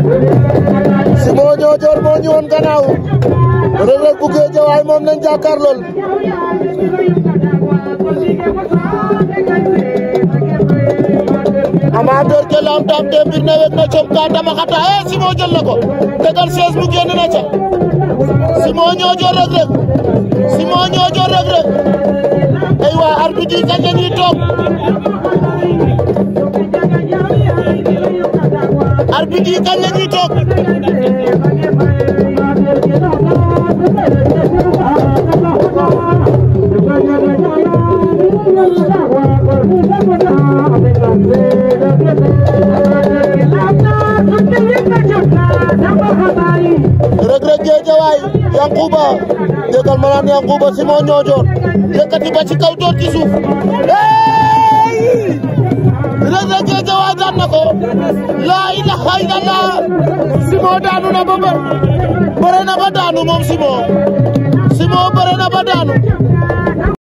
si boo ñoojoor moo ñëwoon gannaaw Reug Reug bu Guédiawaye moom lañ jàkkaar lool amateur ke lam tam te mbir ne na coob ka dama xata ee eh, si moo jël na ko tegal sees bu génn na ca si moo ñoojoor Reug Reug si moo ñoojoor Reug Reug ay waa arbitre yi kañ la toog kita kan la yang kuba, Reug Reug Guédiawaye yang kuba si Yankuba Simon Niodior yëkkati Jawaar daan na ko laa daanu na ba bëre na ba daanu moom Simon Simon bëre na ba daanu